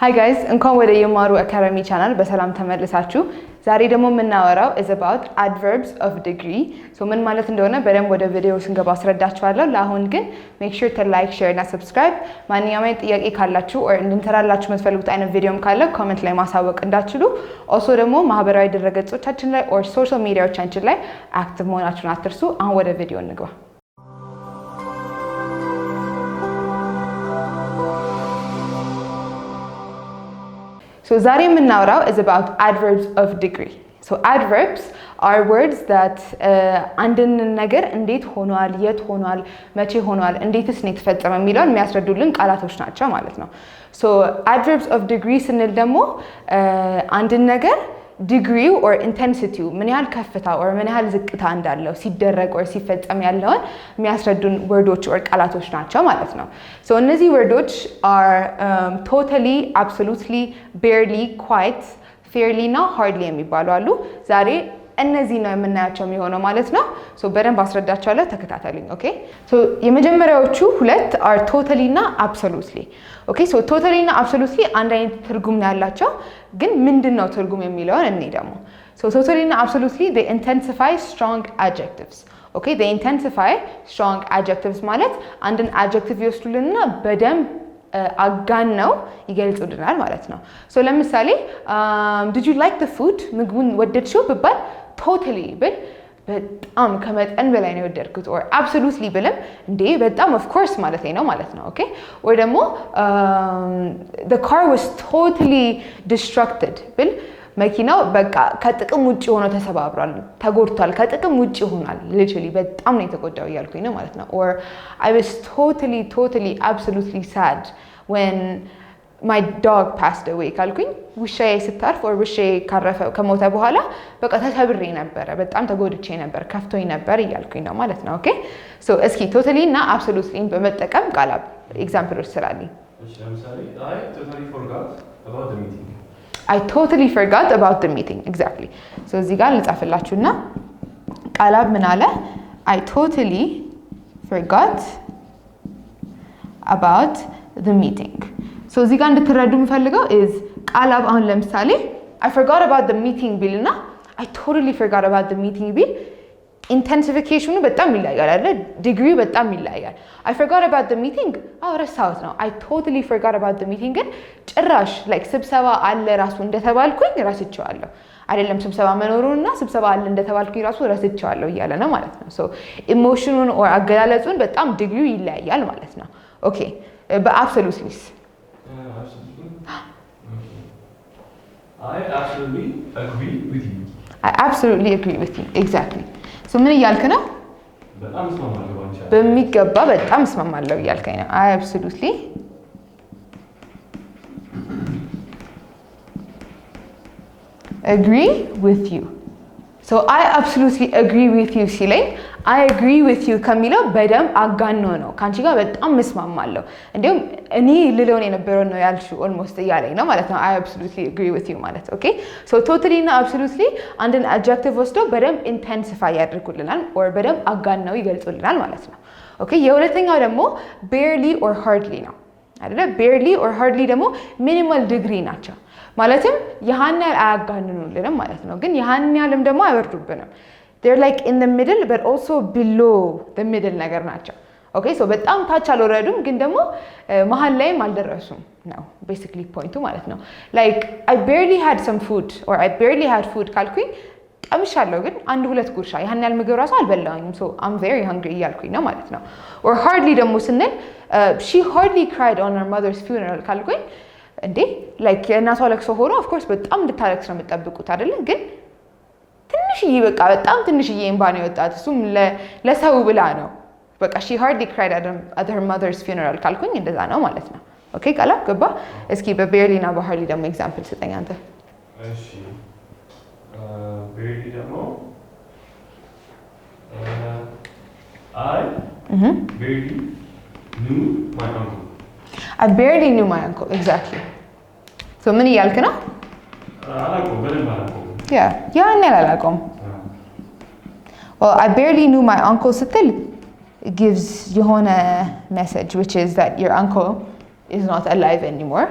ሀይ ጋይዝ እንኳን ወደ የማሩ አካዳሚ ቻናል በሰላም ተመልሳችሁ። ዛሬ ደግሞ የምናወራው ኢዝ አባውት አድቨርብስ ኦፍ ዲግሪ ምን ማለት እንደሆነ በደንብ ወደ ቪዲዮ ስንገባ አስረዳችኋለሁ። ለአሁን ግን ሜክ ሹር ተ ላይክ፣ ሼር እና ሰብስክራይብ። ማንኛውም ጥያቄ ካላችሁ ኦር እንድንሰራላችሁ የምትፈልጉት አይነት ቪዲዮም ካለ ኮመንት ላይ ማሳወቅ እንዳትችሉ ኦሶ ደግሞ ማህበራዊ ድረገጾቻችን ላይ ኦር ሶሻል ሚዲያዎቻችን ላይ አክቲቭ መሆናችሁን አትርሱ። አሁን ወደ ቪዲዮ እንግባ። ዛሬ የምናወራው ኢዝ አባውት አድቨርብስ ኦፍ ዲግሪ። አድቨርብስ አር ወርድስ ዛት አንድን ነገር እንዴት ሆኗል፣ የት ሆኗል፣ መቼ ሆኗል፣ እንዴትስ ነው የተፈጸመ የሚለውን የሚያስረዱልን ቃላቶች ናቸው ማለት ነው። አድቨርብስ ኦፍ ዲግሪ ስንል ደግሞ uh, አንድን ነገር ዲግሪው ኦር ኢንቴንሲቲው ምን ያህል ከፍታ ኦር ምን ያህል ዝቅታ እንዳለው ሲደረግ ኦር ሲፈጸም ያለውን የሚያስረዱን ወርዶች ኦር ቃላቶች ናቸው ማለት ነው። ሶ እነዚህ ወርዶች አር ቶታሊ፣ አብሶሉትሊ፣ ቤርሊ፣ ኳይት፣ ፌርሊ እና ሃርድሊ የሚባሉ አሉ ዛሬ እነዚህ ነው የምናያቸው የሚሆነው ማለት ነው። ሶ በደንብ አስረዳቸዋለሁ፣ ተከታተሉኝ። ኦኬ ሶ የመጀመሪያዎቹ ሁለት አር ቶታሊ እና አብሶሉትሊ። ኦኬ ሶ ቶታሊ እና አብሶሉትሊ አንድ አይነት ትርጉም ነው ያላቸው፣ ግን ምንድን ነው ትርጉም የሚለውን እኔ ደግሞ ሶ ቶታሊ እና አብሶሉትሊ they intensify strong adjectives ኦኬ they intensify ማለት አንድን adjective ይወስዱልንና በደንብ አጋን ነው ይገልጹልናል ማለት ነው። ሶ ለምሳሌ ዲድ ዩ ላይክ ዘ ፉድ ምግቡን ወደድሽው ብባል ቶታሊ ብል በጣም ከመጠን በላይ ነው የወደድኩት። ኦር አብሶሉትሊ ብልም እንዴ በጣም ኦፍ ኮርስ ማለት ነው ማለት ነው። ኦኬ ወይ ደግሞ ዘ ካር ዋዝ ቶታሊ ዲስትራክትድ ብል መኪናው በቃ ከጥቅም ውጭ ሆኖ ተሰባብሯል፣ ተጎድቷል፣ ከጥቅም ውጭ ሆኗል። ሊትራሊ በጣም ነው የተጎዳው እያልኩኝ ነው ማለት ነው። ኦር አይ ዋዝ ቶታሊ ቶታሊ አብሶሉትሊ ሳድ ዌን ማይ ዶግ ፓስድ አዌይ ካልኩኝ ውሻዬ ስታርፍ ወር ውሻዬ ካረፈ ከሞተ በኋላ በቃ ተሰብሬ ነበረ፣ በጣም ተጎድቼ ነበር፣ ከፍቶኝ ነበር እያልኩኝ ነው ማለት ነው። ኦኬ ሶ እስኪ ቶታሊ እና አብሶሉትሊን በመጠቀም ቃል ኤግዛምፕሎች ስላለኝ አይ ቶታሊ ፎርጋት አባውት ዘ ሚቲንግ ኤግዛክትሊ። ሶ እዚህ ጋር ልጻፍላችሁና ቃላብ ምን አለ? አይ ቶታሊ ፎርጋት አባውት ዘ ሚቲንግ እዚህ ጋር እንድትረዱ የምፈልገው ኢዝ ቃላብ አሁን ለምሳሌ አይ ፎርጋት አባውት ሚቲንግ ቢል እና አይ ቶታሊ ፎርጋት አባውት ሚቲንግ ቢል ኢንተንሲፊኬሽኑ በጣም ይለያል አለ ዲግሪው በጣም ይለያል። አይ ፎርጋት አባውት ሚቲንግ አዎ ረሳሁት ነው። አይ ቶታሊ ፎርጋት አባውት ሚቲንግ ግን ጭራሽ ላይክ ስብሰባ አለ ራሱ እንደተባልኩኝ ረስቼዋለሁ አይደለም ስብሰባ መኖሩንና ስብሰባ አለ እንደተባልኩኝ ራሱ ረስቼዋለሁ እያለ ነው ማለት ነው። ሶ ኢሞሽኑን ኦር አገላለጹን በጣም ዲግሪው ይለያያል ማለት ነው። ኦኬ በአብሶሉትሊስ I absolutely agree with you. I absolutely agree with you. Exactly. So ምን እያልክ ነው? በጣም እስማማለሁ አንቺ። በሚገባ በጣም እስማማለሁ እያልከኝ ነው። I absolutely agree with you. ሶ አይ አብሶሉትሊ አግሪ ዊዝ ዩ ሲለኝ አይ አግሪ ዊዝ ዩ ከሚለው በደንብ አጋኖ ነው። ከአንቺ ጋር በጣም መስማማለሁ፣ እንዲሁም እኔ ልለውን የነበረውን ነው ያልሽው ኦልሞስት እያለኝ ነው ማለት ነው። አይ አብሶሉትሊ አግሪ ዊዝ ዩ ማለት ኦኬ። ሶ ቶታሊ እና አብሶሉትሊ አንድን አድጀክቲቭ ወስዶ በደንብ ኢንተንሲፋይ ያደርጉልናል ኦር በደንብ አጋነው ይገልጹልናል ማለት ነው። ኦኬ የሁለተኛው ደግሞ ቤርሊ ኦር ሃርድሊ ነው አይደለ? ቤርሊ ኦር ሃርድሊ ደግሞ ሚኒማል ዲግሪ ናቸው። ማለትም ያህን ያህል አያጋንኑልንም ማለት ነው። ግን ያህን ያህልም ደግሞ አይወርዱብንም። ር ላይክ ኢን ሚድል በት ኦልሶ ቢሎ ሚድል ነገር ናቸው። ኦኬ ሶ በጣም ታች አልወረዱም፣ ግን ደግሞ uh, መሀል ላይም አልደረሱም ነው ቤሲክሊ ፖይንቱ ማለት ነው። ላይክ አይ ቤርሊ ሃድ ሰም ፉድ ኦር አይ ቤርሊ ሃድ ፉድ ካልኩኝ ቀምሻለሁ፣ ግን አንድ ሁለት ጉርሻ ያን ያህል ምግብ ራሱ አልበላሁኝም። ሶ አም ቬሪ ሃንግሪ እያልኩኝ ነው ማለት ነው። ኦር ሃርድሊ ደግሞ ስንል ሺ ሃርድሊ ክራይድ ኦን ሄር ማዘርስ ፊውነራል ካልኩኝ እንዴ ላይክ የእናቷ ለቅሶ ሆኖ ኦፍኮርስ በጣም እንድታለቅስ ነው የምጠብቁት አይደለ? ግን ትንሽዬ በቃ በጣም ትንሽዬ እምባ ነው የወጣት። እሱም ለሰው ብላ ነው። በቃ ሺ ሃርድሊ ክራይድ አት ሄር ማዘርስ ፊውነራል ካልኩኝ እንደዛ ነው ማለት ነው። ኦኬ ቃላ ገባ። እስኪ በቤርሊና ባህርሊ ደግሞ ኤግዛምፕል ስጠኝ አንተ። እሺ ቤርሊ ደግሞ አይ ቤርሊ ኑ ማይ አንኩል አይ ባርሊ ኒው ማይ አንክል ኤግዛክትሊ። ሶ ምን እያልክ ነው? ያ ያን አላውቀውም። ዌል አይ ባርሊ ኒው ማይ አንክል ስትል ጊቭስ የሆነ ሜሴጅ ዊች ኢዝ ዛት ዮር አንክል ኢዝ ኖት አላይቭ ኤኒሞር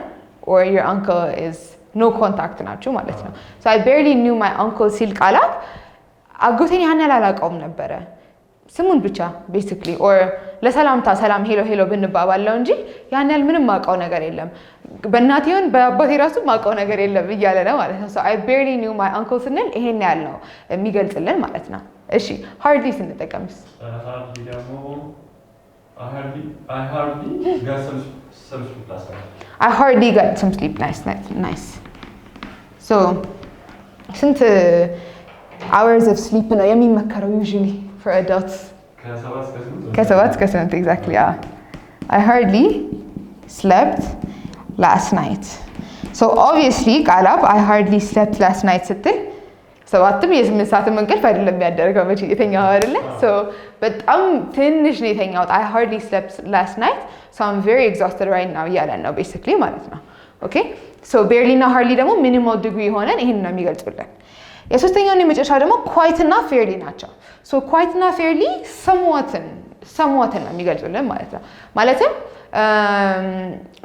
ኦር ዮር አንክል ኢዝ ኖ ኮንታክት ናቸው ማለት ነው። ሶ አይ ባርሊ ኒው ማይ አንክል ሲል ቃላት አጎቴን ያን አላውቀውም ነበረ ስሙን ብቻ ቤሲክሊ ኦር ለሰላምታ ሰላም ሄሎ ሄሎ ብንባባለው እንጂ ያን ያህል ምንም ማውቀው ነገር የለም። በእናቴ ይሁን በአባቴ ራሱ ማውቀው ነገር የለም እያለ ነው ማለት ነው። አይ ቤርሊ ኒው ማይ አንክል ስንል ይሄን ያህል ነው የሚገልጽልን ማለት ነው። እሺ ሃርድሊ ስንጠቀምስ አይ ሃርድሊ ጋት ሰም ስሊፕ ናይስ። ስንት አወርስ ኦፍ ስሊፕ ነው የሚመከረው ዩዥዋሊ? for adults. what's Kesavats kesavats exactly. Yeah, I hardly slept last night. So obviously, kalab I hardly slept last night. Sitte. So what the reason is that I'm not getting tired. I'm not getting tired. I'm not getting tired. So, but I'm finishing anything out. I hardly slept last night. So I'm very exhausted right now. Yeah, I know basically. Okay. So barely, not hardly, the minimum degree. Hona, ihin na migal tulad. የሶስተኛውን የመጨረሻ ደግሞ ኳይትና ፌርሊ ናቸው። ሶ ኳይትና ፌርሊ ሰምዋትን ሰምዋትን ነው የሚገልጹልን ማለት ነው። ማለትም um,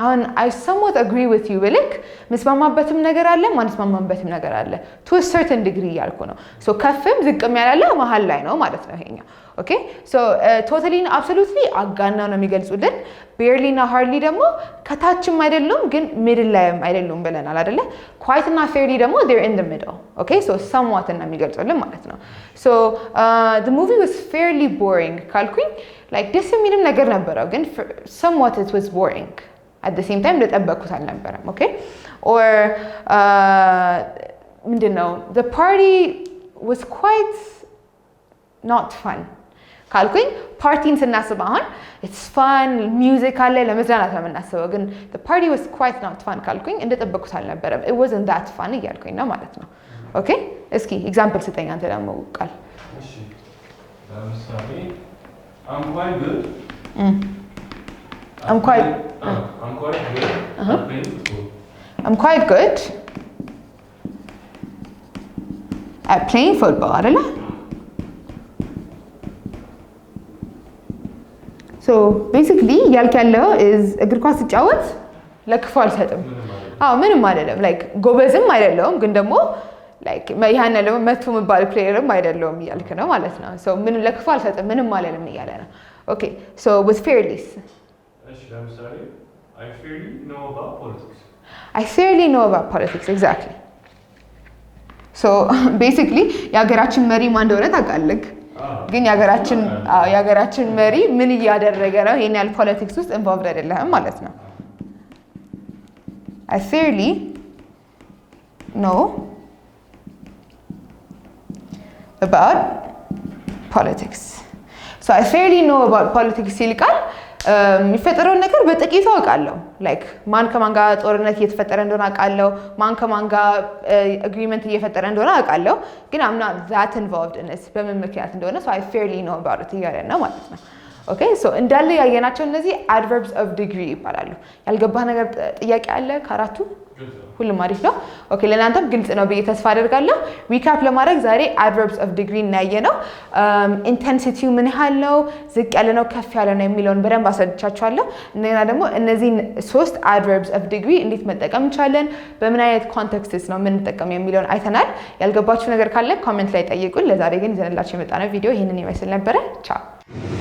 አሁን አይ ሰምዋት አግሪ ዊት ዩ ብልክ ምስማማበትም ነገር አለ፣ ማንስማማበትም ነገር አለ። ቱ ሰርተን ዲግሪ እያልኩ ነው። ሶ ከፍም ዝቅም ያላለ መሀል ላይ ነው ማለት ነው ይሄኛው። ኦኬ ሶ ቶታሊን አብሶሉትሊ አጋና ነው የሚገልጹልን። ቤርሊና እና ደግሞ ከታችም አይደሉም ግን ሚድል ላይም አይደሉም ብለናል አይደለ? ኳይት እና ፌርሊ ደግሞ ዜር ኢን ሚድል ኦኬ። ሶ ሰምዋትን ነው የሚገልጹልን ማለት ነው። ሶ ዘ ሙቪ ዋዝ ፌርሊ ቦሪንግ ካልኩኝ ላይክ ደስ የሚልም ነገር ነበረው፣ ግን ሰምዋት ኢት ዋዝ ቦሪንግ አት ዘ ሴም ታይም እንደጠበቅኩት አልነበረም። ኦኬ ኦር ምንድን ነው ዘ ፓርቲ ዋዝ ኳይት ኖት ፋን ካልኩኝ ፓርቲን ስናስብ አሁን ኢትስ ፋን ሚውዚክ አለ፣ ለመዝናናት ነው የምናስበው። ግን ፓርቲ ዋዝ ኳይት ናት ፋን ካልኩኝ እንደጠበቁት አልነበረም። ኢት ዋዝንት ዛት ፋን እያልኩኝ ነው ማለት ነው። ኦኬ እስኪ ኤግዛምፕል ስጠኝ አንተ ደግሞ ቃል I'm quite good at playing football አይደለ? ቤሲክሊ ያልክ ያለው እግር ኳስ ስጫወት ለክፉ አልሰጥም። አዎ ምንም አይደለም። ላይክ ጎበዝም አይደለውም፣ ግን ደግሞ ላይክ ደግሞ መቱ የሚባል ፕሌየርም አይደለውም እያልክ ነው ማለት ነው። ሶ ምን ለክፉ አልሰጥም ምንም አልልም እያለ ነው። ኦኬ ሶ ዊዝ ፌርሊስ አይ ፌርሊ ኖው አባውት ፖለቲክስ ኤግዛክትሊ። ሶ ቤሲክሊ የሀገራችን መሪ ማን እንደሆነ ታውቃለህ። ግን የሀገራችን መሪ ምን እያደረገ ነው? ይሄን ያህል ፖለቲክስ ውስጥ ኢንቮልቭድ አይደለህም ማለት ነው። አይ ኖ አባውት ፖለቲክስ ሶ አይ ኖ ፖለቲክስ ይልቃል የሚፈጠረውን ነገር በጥቂቱ አውቃለሁ። ላይክ ማን ከማን ጋር ጦርነት እየተፈጠረ እንደሆነ አውቃለሁ። ማን ከማን ጋር አግሪመንት እየፈጠረ እንደሆነ አውቃለሁ። ግን አምና ዛት ኢንቮልቭድ በምን ምክንያት እንደሆነ አይ ፌርሊ ኖ አባውት እያለ ነው ማለት ነው። ኦኬ ሶ እንዳለ ያየናቸው እነዚህ አድቨርብስ ኦፍ ዲግሪ ይባላሉ። ያልገባህ ነገር ጥያቄ አለ ከአራቱ? ሁሉም አሪፍ ነው። ኦኬ ለእናንተም ግልጽ ነው ብዬ ተስፋ አደርጋለሁ። ሪካፕ ለማድረግ ዛሬ አድቨርብስ ኦፍ ዲግሪ እናየ ነው። ኢንተንሲቲው ምን ያህል ነው፣ ዝቅ ያለ ነው፣ ከፍ ያለ ነው የሚለውን በደንብ አስረድቻችኋለሁ። እንደገና ደግሞ እነዚህን ሶስት አድቨርብስ ኦፍ ዲግሪ እንዴት መጠቀም እንችላለን፣ በምን አይነት ኮንቴክስትስ ነው የምንጠቀም የሚለውን አይተናል። ያልገባችሁ ነገር ካለ ኮሜንት ላይ ጠይቁን። ለዛሬ ግን ይዘንላችሁ የመጣነው ቪዲዮ ይህንን ይመስል ነበረ። ቻው